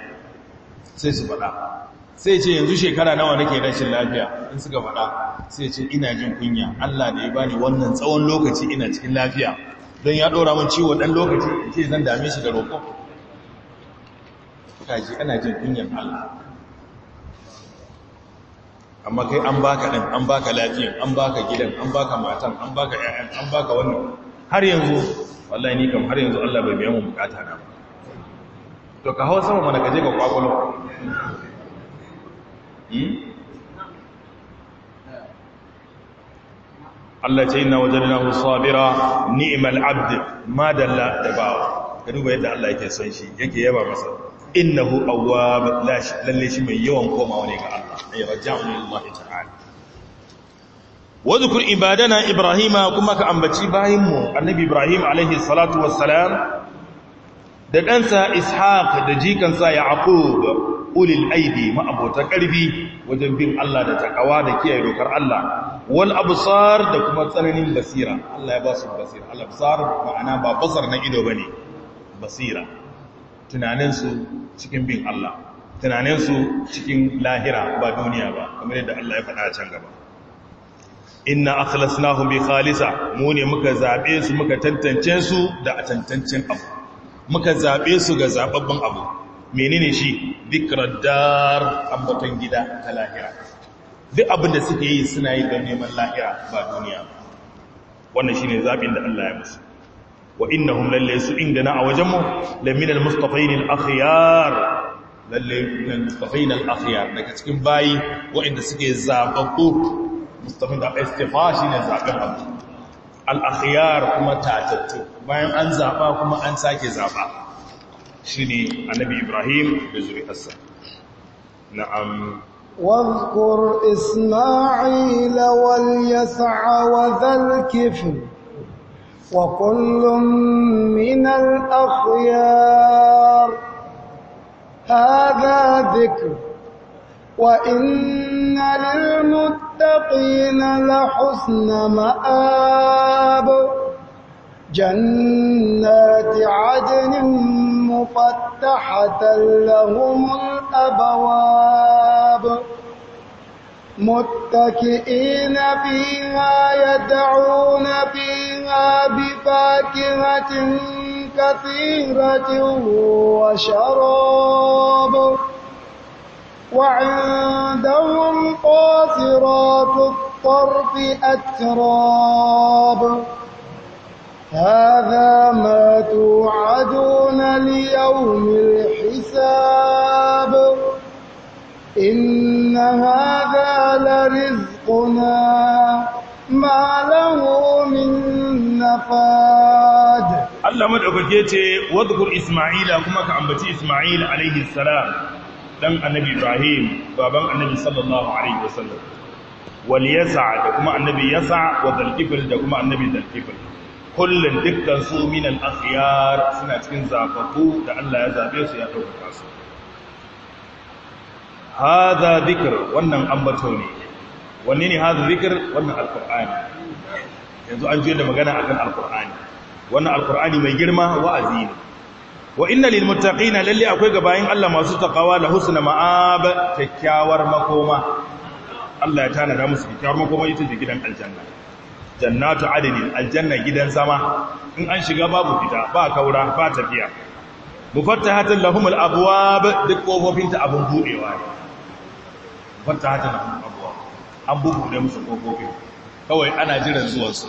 sai su faɗa sai ce yanzu shekara nawa nake rashin lafiya in suka faɗa sai ce ina jin kunya Allah da ya bani wannan tsawon lokaci ina cikin lafiya don ya ɗora mun ciwo ɗan lokaci ce zan dame shi da roƙo kaji ana jin kunyan Allah amma kai an baka ɗin an baka lafiyan an baka gidan an baka matan an baka ƴaƴan an baka wannan har yanzu wallahi ni kam har yanzu Allah bai biya mu bukata na ba to ka hau sama mana ka je ga kwakwalo hmm? Allah ce ina wajen na sabira ni'mal abd ma dalla da bawa ka duba yadda Allah yake son shi yake yaba masa innahu awwab lalle shi mai yawan komawa ne ga Allah ay raja'u lillahi ta'ala wadhkur ibadana ibrahima kuma ka ambaci bayinmu annabi ibrahim alaihi salatu wassalam da ɗansa ishaq da jikansa yaqub ulil aidi ma'abota ƙarfi wajen bin Allah da takawa da kiyaye dokar Allah wal absar da kuma tsananin basira Allah ya ba su basira al absar ma'ana ba basar na ido bane basira tunaninsu cikin bin Allah tunaninsu cikin lahira ba duniya ba kamar yadda Allah ya faɗa can gaba inna akhlasnahum bi khalisa mu ne muka zabe su muka tantance su da tantancen abu muka zaɓe su ga zaɓaɓɓen abu menene shi radar ambaton gida ta lahira duk abinda da suke yi suna yi don neman lahira ba duniya ba. wannan shi ne zaɓin da Allah ya musu wa innahum lalle su inda na a wajenmu laminar mustafainin akhiyar daga cikin bayi waɗanda suke zaɓaɓɓu mustafin da istifa ne zaɓen abu al’akhiyar kuma tatattu bayan an zaɓa kuma an sake zaɓa shi ne annabi ibrahim da zuri'arsa na amu wakkur isma'ila wal yasa'a wa zalkifu wa kullum minar akhiyar haɗa zikir وإن للمتقين لحسن مآب جنات عدن مفتحة لهم الأبواب متكئين فيها يدعون فيها بفاكهة كثيرة وشراب وعندهم قاصرات الطرف أتراب هذا ما توعدون ليوم الحساب إن هذا لرزقنا ما له من نفاد الله مدعوك يتي واذكر إسماعيل كما كعمبتي إسماعيل عليه السلام dan annabi Ibrahim baban annabi sallallahu alaihi wasallam wal yasa da kuma annabi yasa wa dalkifil da kuma annabi dalkifil kullun dukkan su min al akhyar suna cikin zafafu da Allah ya zabe su ya dauka kasu. hadha dhikr wannan ambato ne wanne ne hadha dhikr wannan alqur'ani yanzu an je da magana akan alqur'ani wannan alqur'ani mai girma wa'azi ne wa inna lil muttaqina lalle akwai gabayin Allah masu takawa la husna ma'ab kyakkyawar makoma Allah ya tanada musu kyakkyawar makoma ita ce gidan aljanna jannatu adnin aljanna gidan sama. in an shiga babu fita ba kaura ba tafiya mufattahatan al abwab duk kofofin ta abun budewa ne mufattahatan lahumul abwab an bubude musu kofofin kawai ana jiran zuwan su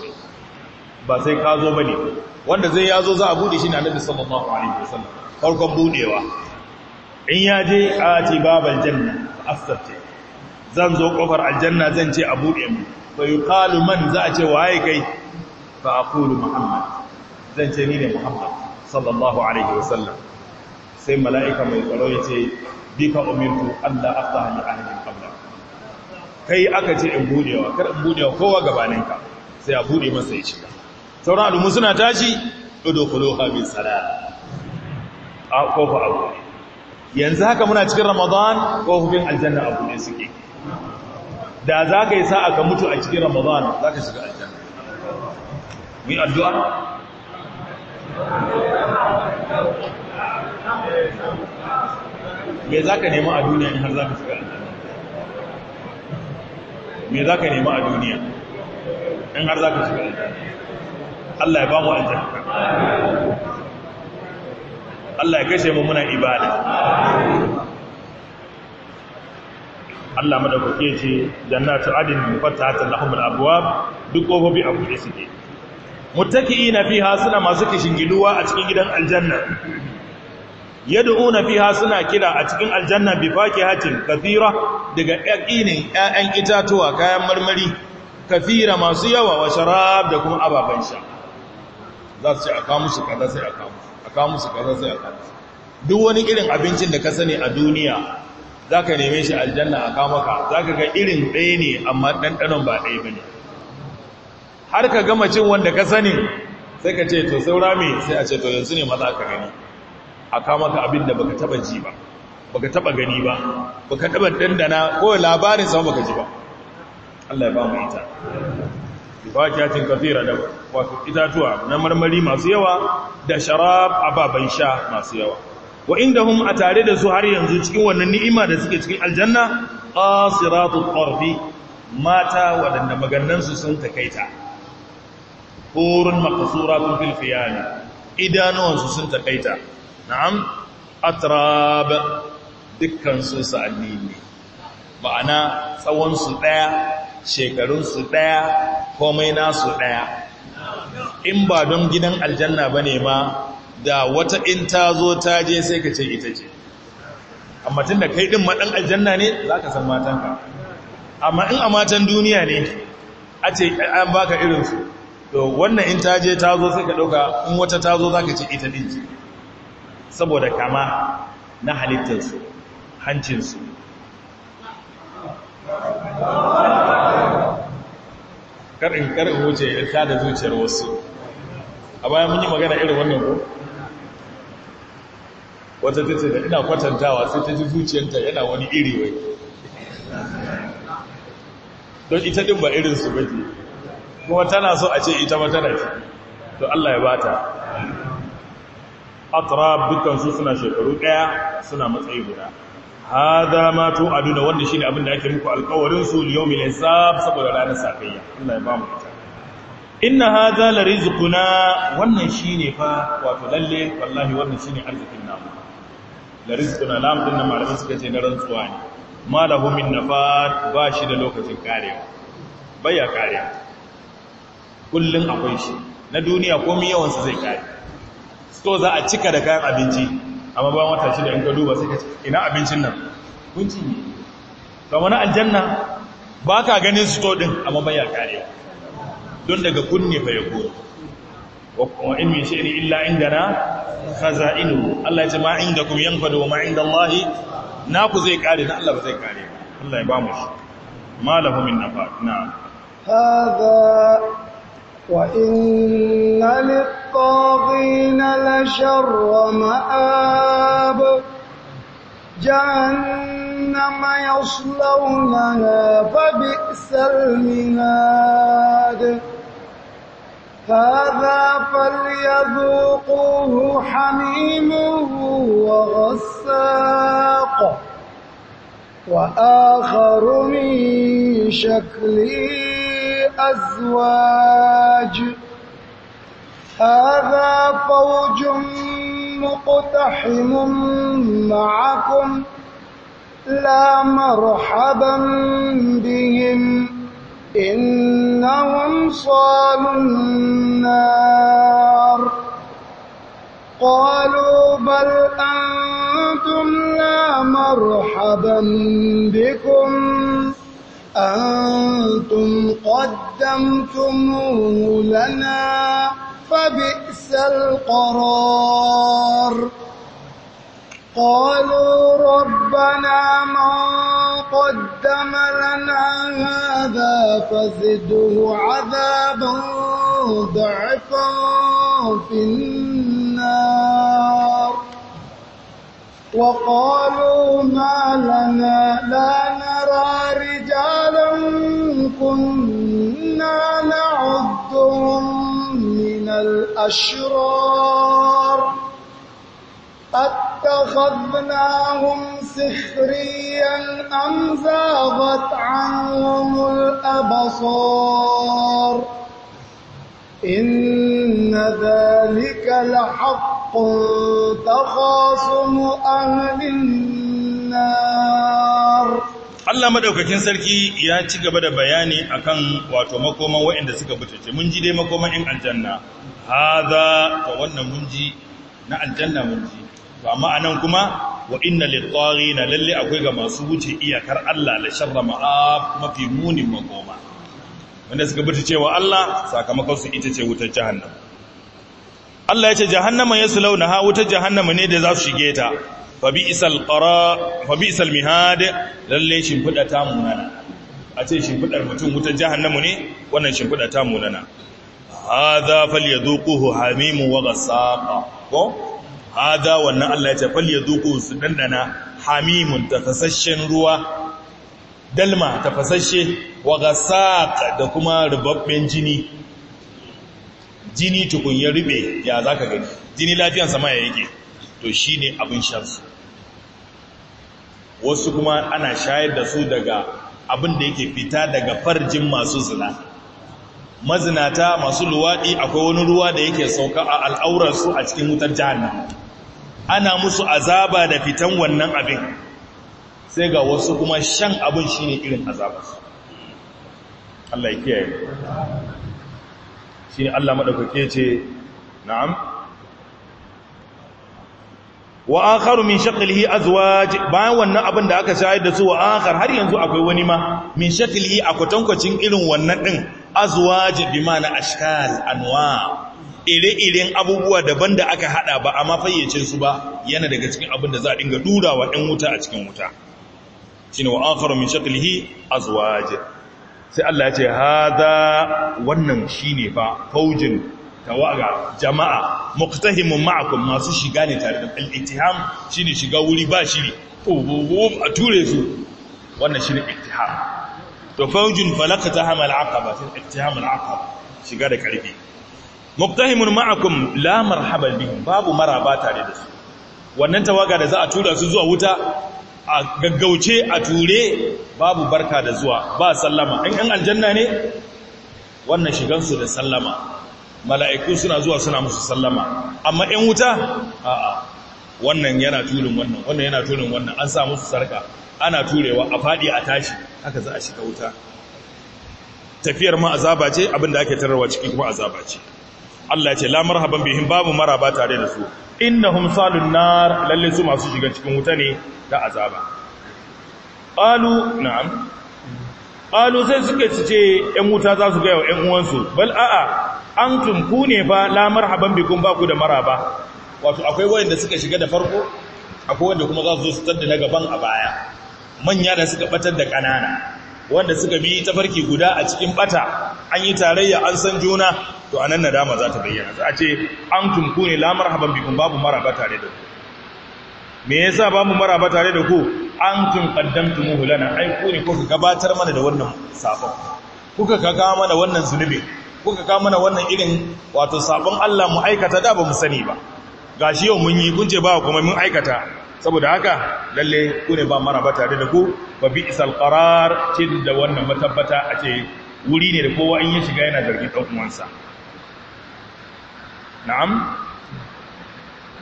ba sai ka zo bane wanda zai yazo za a bude shi na annabi sallallahu alaihi wasallam farkon budewa in ya je a ce babal janna afsafte zan zo kofar aljanna zan ce a bude mu fa yuqalu man za a ce waye kai fa aqulu muhammad zan ce ni ne muhammad sallallahu alaihi wasallam sai mala'ika mai tsaro ya ce bika umirtu allah aftaha li ahli qabla kai aka ce in budewa kar in budewa kowa gabaninka sai a bude masa ya shiga sauran alumun suna tashi udkhulu haɓe tsara a kofa abu ne. yanzu haka muna cikin ramadan kofin aljanna abu ne suke da za ka yi sa'a ka mutu a cikin ramadan za ka shiga aljanna mu yi addu'a me za ka nema a duniya in har za ka shiga aljanna me za ka nema a duniya in har za ka shiga aljanna Allah ya ba mu aljanna Allah ya kashe mu muna ibada Allah madaukake ce jannatu adin mufattahatan lahumul abwab duk kofofi a buɗe suke muttaqiina fiha suna masu kishingiduwa a cikin gidan aljanna yad'una fiha suna kira a cikin aljanna bi fakihatin kathira daga yaqinin ƴaƴan itatuwa kayan marmari kathira masu yawa wa sharab da kuma ababan sha za su ce a kamun su kaza sai a kamun su a kamun su kaza sai a kamun su duk wani irin abincin da ka sani a duniya za ka neme shi aljanna a kamaka za ka ga irin ɗaya ne amma ɗanɗanon ba ɗaya ba ne har ka gama cin wanda ka sani sai ka ce to saura me sai a ce to yanzu ne maza ka gani a kamaka abin da baka taba ji ba baka taba gani ba baka taba dandana ko labarin sa baka ji ba Allah ya ba mu ita fakiyatin kafira da wato itatuwa na marmari masu yawa da sharab ababan sha masu yawa wa hum a tare da su har yanzu cikin wannan ni'ima da suke cikin aljanna qasiratul qarfi mata wadanda magannansu sun takaita hurun maqsuratun fil fiyani idanuwansu sun takaita na'am atrab dukkan su sa'anni ma'ana tsawon su daya shekarunsu ɗaya komai nasu ɗaya in ba don gidan aljanna ba ne ma da wata in ta zo ta je sai ka ce ita ce amma tun da kai ɗin maɗan aljanna ne za ka san matanka amma in a matan duniya ne a ce an baka irinsu to wannan in ta je ta zo sai ka ɗauka in wata ta zo za ka ce ita ɗin ce saboda kama na halittarsu hancinsu karin karin wuce ya ta da zuciyar wasu a bayan mun yi magana irin wannan ko wata ta da ina kwatantawa sai ta ji zuciyarta yana wani iri wai don ita din ba irin su bake kuma tana so a ce ita ma tana ce to Allah ya bata atrab dukkan su suna shekaru daya suna matsayi guda hada ma aduna wanda shine abin da ake muku alƙawarin su liyawmil hisab saboda ranar sakayya Allah ya ba mu ta inna hada la rizquna wannan shine fa wato lalle wallahi wannan shine arzikin namu la rizquna lam din nan malamin suka ce na rantsuwa ne malahu min nafat ba shi da lokacin karewa baya karewa kullun akwai shi na duniya komai yawan su zai kare sto za a cika da kayan abinci amma ba wata da in ka duba sai ka ce ina abincin nan kun ci ne ga wani aljanna ba ka ganin su din amma ba ya don daga kunne fa ya ko wa in min shay'in illa inda na indana inu. Allah ya ce ma indakum yanfadu wa ma Na ku zai kare na Allah ba zai kare Allah ya ba mu shi ma lahu min nafa na hada وإن للطاغين لشر مآب جهنم يصلونها فبئس المهاد هذا فليذوقوه حميم وغساق وآخر من شكله الأزواج هذا فوج مقتحم معكم لا مرحبا بهم إنهم صالوا النار قالوا بل أنتم لا مرحبا بكم أنتم قدمتموه لنا فبئس القرار قالوا ربنا من قدم لنا هذا فزده عذابا ضعفا في النار وقالوا ما لنا لا كنا نعدهم من الأشرار أتخذناهم سخريا أم زاغت عنهم الأبصار إن ذلك لحق تخاصم أهل النار Allah madaukakin sarki ya ci gaba da bayani akan wato makoman waɗanda suka butace mun ji dai makoman in aljanna hadha to wannan mun ji na aljanna mun ji to amma anan kuma wa inna lit lalle akwai ga masu wuce iyakar Allah la sharra ma'ab mafi munin makoma wanda suka butace wa Allah sakamakon su ita ce wutar jahannama Allah ya ce jahannama ha wutar jahannama ne da za su shige ta fabisal bi fabisal mihad lalle shimfida ta munana a ce shimfidar mutum wutar jahannamu ne wannan shimfida ta munana hadha falyaduquhu Hamimu wa ghasaqa ko hadha wannan Allah ya ce falyaduquhu su dandana hamimun tafasasshen ruwa dalma tafasasshe wa ghasaqa da kuma rubabben jini jini tukun ya rube ya zaka gani jini lafiyansa ma ya yake to shine abin shansu wasu kuma ana shayar da su daga abin da yake fita daga farjin masu zina mazinata masu luwaɗi akwai wani ruwa da yake sauka a al'aurarsu a cikin wutar jahannama ana musu azaba da fitan wannan abin sai ga wasu kuma shan abin shi ne irin azabarsu Allah ya kiyaye shi ne Allah maɗaukake ce na'am wa akharu min shaqlihi azwaj bayan wannan abin da aka shayar da su wa akhar har yanzu akwai wani ma min shaqlihi a kwatankwacin irin wannan din azwaj bi ma'ana ashkal anwa ire-iren abubuwa daban da aka hada ba amma fayyace su ba yana daga cikin abin da za a dinga durawa ɗan wuta a cikin wuta shine wa akharu min shaqlihi azwaj sai Allah ya ce hadha wannan shine fa faujin tawaga jama'a muqtahimun ma'akum masu shiga ne tare da al-ittiham shine shiga wuri ba shiri ububum a ture su wannan shine ittiham to faujun falaka hamal aqaba sai ittiham al-aqaba shiga da karfi muqtahimun ma'akum la marhaban bihim babu maraba tare da su wannan tawaga da za a tura su zuwa wuta a gaggauce a ture babu barka da zuwa ba sallama in an aljanna ne wannan shigansu da sallama mala'iku suna zuwa suna musu sallama amma ‘yan wuta a'a wannan yana tulin wannan wannan yana tulin wannan an sa musu sarka ana turewa a faɗi a tashi haka za a shiga wuta tafiyar ma azaba ce abinda ake tararwa cikin kuma azaba ce Allah ce la marhaban bihim babu maraba tare da su innahum salun nar lalle su masu shiga cikin wuta ne da azaba qalu na'am qalu sai suka ce 'yan wuta za su wa 'yan uwansu bal a'a an ku ne ba lamar haban bikin ba ku da maraba wato akwai wanda suka shiga da farko akwai wanda kuma za su zo su tada na gaban a baya manya da suka batar da kanana wanda suka bi ta farki guda a cikin bata an yi tarayya an san juna to a nan nadama za ta bayyana za a ce an tunku ne lamar haban bikin babu maraba tare da ku me yasa babu maraba tare da ku An antum qaddamtumuhu lana ai ku ne kuka gabatar mana da wannan sabon kuka kaga mana wannan zunubi kuka kaga mana wannan irin wato sabon Allah mu aikata da ba mu sani ba gashi yau mun yi kun ce ba kuma mun aikata saboda haka lalle ku ne ba mara ba tare da ku ba bi isal qarar ce da wannan matabbata a ce wuri ne da kowa in ya shiga yana zargin dan uwansa na'am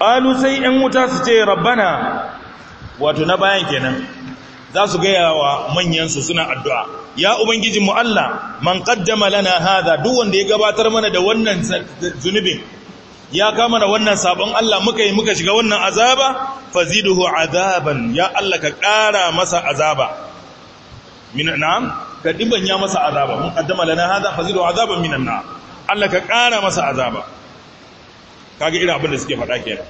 qalu sai an wuta su ce rabbana wato na bayan kenan za su gaya wa manyansu suna addu'a ya ubangijin mu Allah man qaddama lana hadha duk wanda ya gabatar mana da wannan zunubin ya kama da wannan sabon Allah muka yi muka shiga wannan azaba faziduhu azaban ya Allah ka ƙara masa azaba minan na'am ka dibanya masa azaba mun qaddama lana hadha faziduhu azaban minan Allah ka ƙara masa azaba kage irin abin da suke faɗa kenan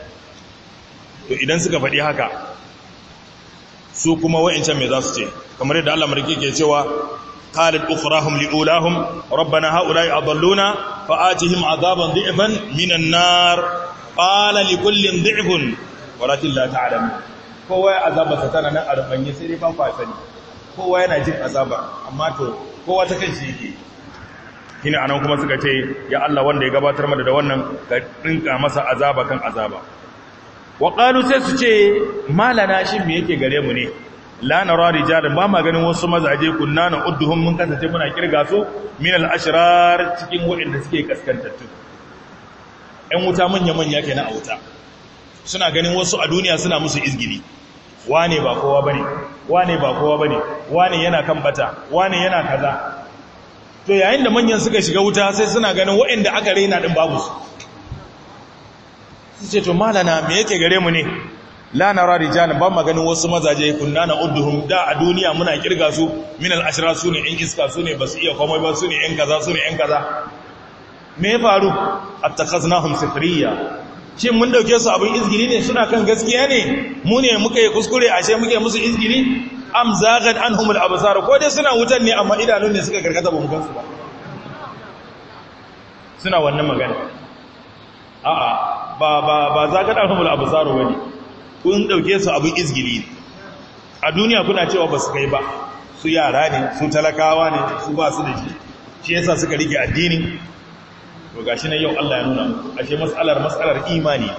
to idan suka faɗi haka su kuma wa'incan me za su ce kamar yadda Allah marke ke cewa qalat ukhrahum liulahum rabbana haula'i adalluna fa'atihim adaban dhi'ban minan nar qala likullin dhi'bun walakin la ta'lamun kowa ya azaba satana nan arbanye sai dai ba ku kowa yana jin azaba amma to kowa ta kanshi yake shine anan kuma suka ce ya Allah wanda ya gabatar mana da wannan ka dinka masa azaba kan azaba wa qalu sai su ce malana shin me yake gare mu ne la nara rijalan ba ma ganin wasu mazaje kunna na udduhum mun kasance muna kirga su min al ashrar cikin waɗanda suke kaskantattu ɗan wuta manya manya ke a wuta suna ganin wasu a duniya suna musu izgiri wane ba kowa bane wane ba kowa bane wane yana kan bata wane yana kaza to yayin da manyan suka shiga wuta sai suna ganin waɗanda aka raina din babu su sai to malana me yake gare mu ne la nara rijal ba maganin wasu mazaje kunna na udhum da a duniya muna kirga su min al-ashra sune in iska sune basu iya komai ba sune in kaza sune in kaza me ya faru attakhaznahum sifriya shin mun dauke su abin izgiri ne suna kan gaskiya ne mu ne muka yi kuskure ashe muke musu izgiri am zaghat anhum al-absar ko dai suna wutan ne amma idanun ne suka karkata ba mu gansu ba suna wannan magana a'a ba ba ba za ka dafa abu tsaro wani. kun dauke su abin izgili a duniya kuna cewa ba su kai ba su yara ne su talakawa ne su ba su da shi shi yasa suka rike addini to gashi nan yau Allah ya nuna ashe mas'alar mas'alar imani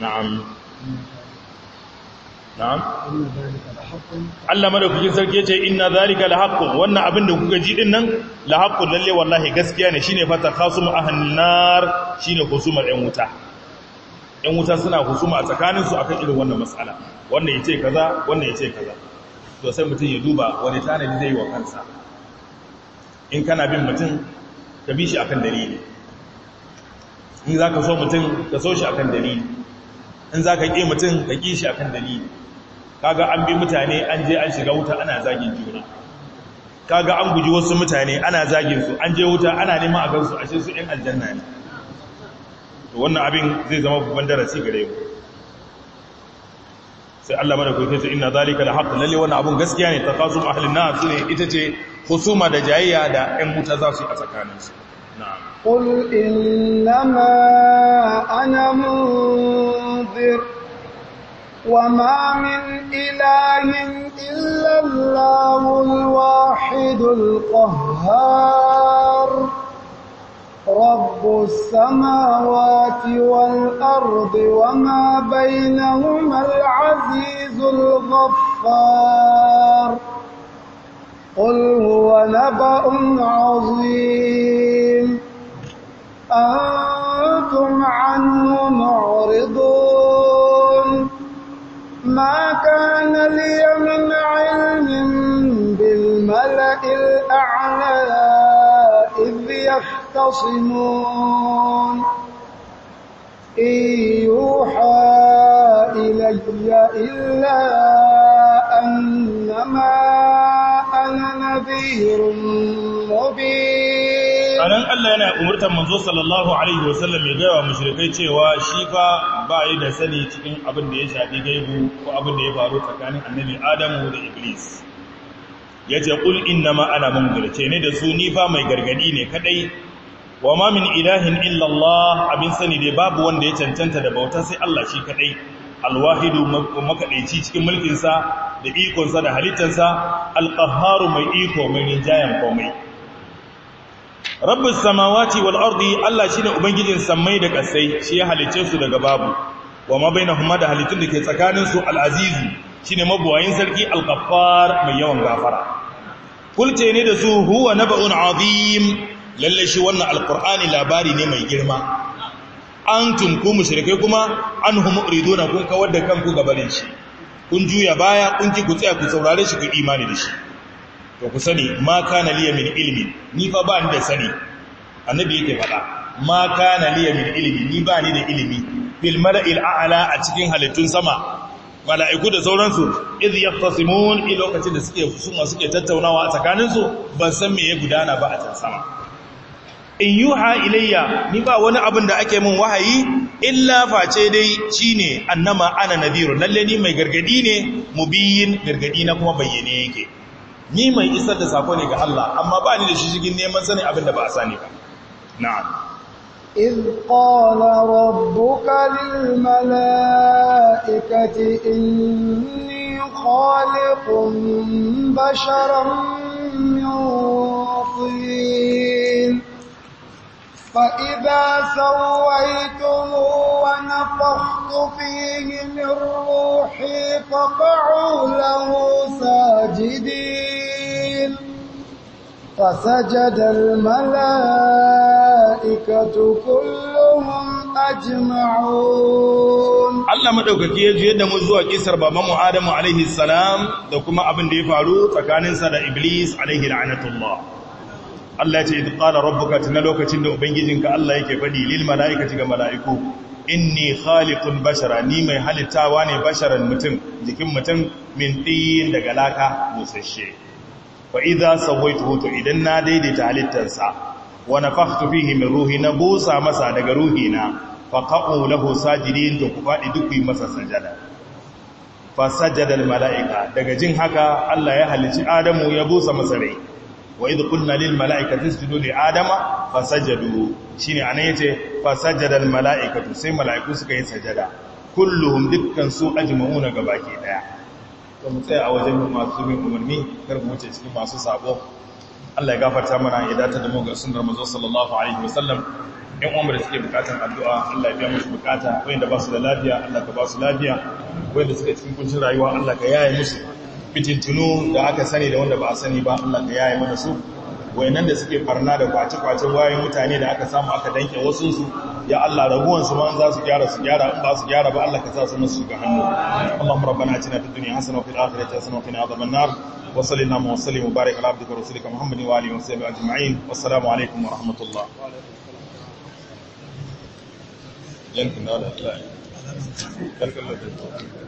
na'am na'am Allah madaukakin sarki yace inna zalika lahaqqun wannan abin da kuka ji din nan lahaqqun lalle wallahi gaskiya ne shine fata khasum ahannar shine husumar ɗan wuta ɗan wuta suna husuma a tsakanin su akan irin wannan matsala, wannan yace kaza wannan yace kaza to sai mutum ya duba wani tanadi zai yi wa kansa in kana bin mutum ka bi shi akan dalili in zaka so mutum ka so shi akan dalili in zaka ƙi mutum ka ƙi shi akan dalili kaga an bi mutane an je an shiga wuta ana zagin juna kaga an guji wasu mutane ana zagin su an je wuta ana neman a gansu ashe su ɗin aljanna ne to wannan abin zai zama babban darasi gare ku sai Allah mana ku kace inna zalika la haqq lalle wannan abun gaskiya ne takasum ahlin nar su ne ita ce husuma da jayayya da ɗan wuta za su yi a tsakaninsu na'am qul innama ana munzir وما من إله إلا الله الواحد القهار رب السماوات والأرض وما بينهما العزيز الغفار قل هو نبأ عظيم أنتم عنه معرضون ما كان لي من علم بالملأ الأعلى إذ يختصمون إن يوحى إلي إلا أنما أنا نذير مبين nan Allah yana umurtar manzo sallallahu alaihi wasallam ya gaya wa mushrikai cewa shi fa ba yi da sani cikin abin da ya shafi gaibu ko abin da ya faru tsakanin annabi Adamu da Iblis yace inna innama ana mungulce ne da su ni fa mai gargadi ne kadai wa ma min ilahin illa Allah abin sani dai babu wanda ya cancanta da bauta sai Allah shi kadai alwahidu makadaici cikin mulkinsa da ikonsa da halittarsa alqahharu mai iko mai rinjayen komai rabbin samawati wal ardi Allah ne ubangijin sammai da ƙasai shi ya halicce su daga babu wa ma huma da halittun da ke tsakaninsu, su shi ne mabuwayin sarki al mai yawan gafara kulce ne da su huwa na naba'un azim lalle shi wannan alqur'ani labari ne mai girma an ku mushrikai kuma an huma na kun kawar da kanku gabanin shi kun juya baya kun ki ku tsaya ku saurare shi ku imani da shi to ku sani ma kana liya min ilmi ni fa ba ni da sani annabi yake faɗa ma kana liya min ilmi ni ba ni da ilimi bil mala'il a'la a cikin halittun sama mala'iku da sauransu iz yaqtasimun ila lokacin da suke husuma suke tattaunawa a tsakanin su ban san me ya gudana ba a can sama in yuha ilayya ni ba wani abin da ake min wahayi illa face dai shine annama ana nadhirun lalle ni mai gargadi ne mubiyin gargadi na kuma bayyane yake ni mai isar da sako ne ga Allah amma ba ni da shi shigin neman sanin abin da ba a sani ba na'am إذ قال ربك للملائكة إني خالق بشرا من طين فإذا سويته ونفخت فيه من روحي فقعوا له ساجدين فسجد الملائكة كلهم أجمعون Allah madaukaki ya juyar da mu zuwa kisar baban mu Adamu alaihi salam da kuma abin da ya faru tsakaninsa da Iblis alaihi la'natullah Allah ce idan qala rabbuka na lokacin da ubangijinka Allah yake fadi lil malaikati ga malaiku inni khaliqun bashara ni mai halittawa ne basharan mutum jikin mutum min tin daga laka musasshe fa idza sawaituhu to idan na daidaita halittarsa wani nafakhtu fihi min ruhi na busa masa daga ruhina, na fa qa'u lahu sajidin to ku faɗi duk yi masa sajada fa malaika daga jin haka Allah ya halicci Adamu ya busa masa rai wa idh qulna lil mala'ikati isjudu li adama Shi ne anan yace fasajada al mala'ikatu sai mala'iku suka yi sajada Kullum dukkan su ajma'una gabaki daya to mu tsaya a wajen masu mai umarni kar mu wuce cikin masu sabo Allah ya gafarta mana ya dace da mu ga sunnar manzo sallallahu alaihi wasallam yan umar da suke bukatar addu'a Allah ya biya musu bukata wayanda ba su da lafiya Allah ka ba su lafiya wayanda suke cikin kuncin rayuwa Allah ka yaye musu fitintunu da aka sani da wanda ba a sani ba Allah ka mana su wayannan da suke farna da kwace-kwacen wayoyin mutane da aka samu aka danke wasu su ya Allah rabuwan su man za su gyara su gyara in ba su gyara ba Allah ka sa su hannu Allahumma rabbana atina fid dunya wa fil akhirati wa qina adhaban nar wa sallallahu wa sallim wa barik ala abdika rasulika muhammadin wa alihi wa sahbihi ajma'in wa rahmatullah yankin da Allah yankin da Allah